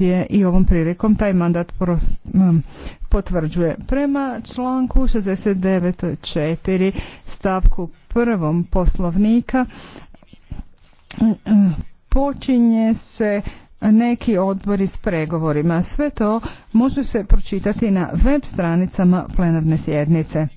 je i ovom prilikom taj mandat potvrđuje. Prema članku 69.4 stavku prvom poslovnika počinje se neki odbori s pregovorima. Sve to može se pročitati na web stranicama plenarne sjednice.